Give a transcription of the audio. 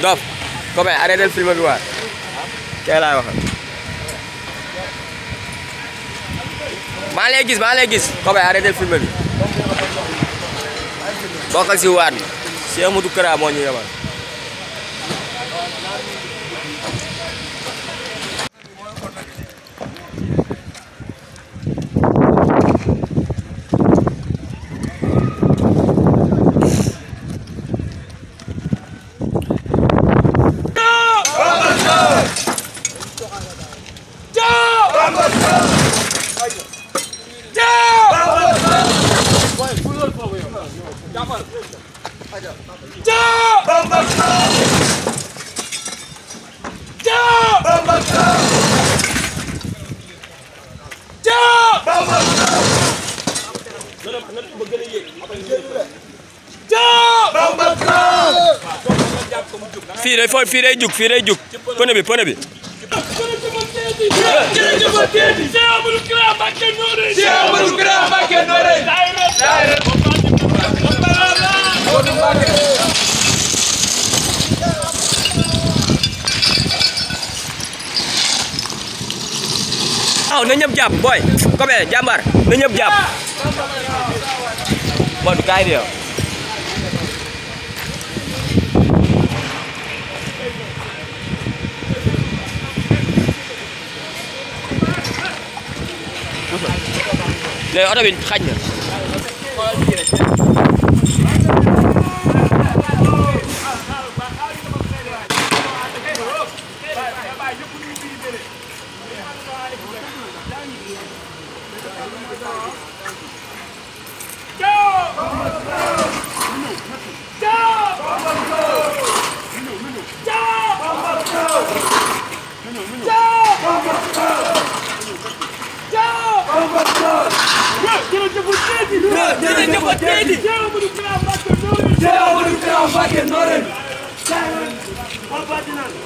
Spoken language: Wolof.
dof comme arrêté film bi waay kee laay waxal maa lay gis maa lay gis comme arrêté film bi bokkal si waat bi Cheikh Modou Kara moo ñu jàppal jaa Bamba Kaam jaa Bamba Kaam jaa Bamba Kaam jaa Bamba Kaam fii day fooy fii day jug fii day jug pneu bi pneu bi jërëjëf jërëjëf taxaw na ñëpp jàpp booy Kobé jàmbar nó ñëpp jàpp bon kaay bi để ở oto bi xaj na Tchau, Tchau, Tchau, Tchau, Tchau, Tchau, Tchau, Tchau, Tchau,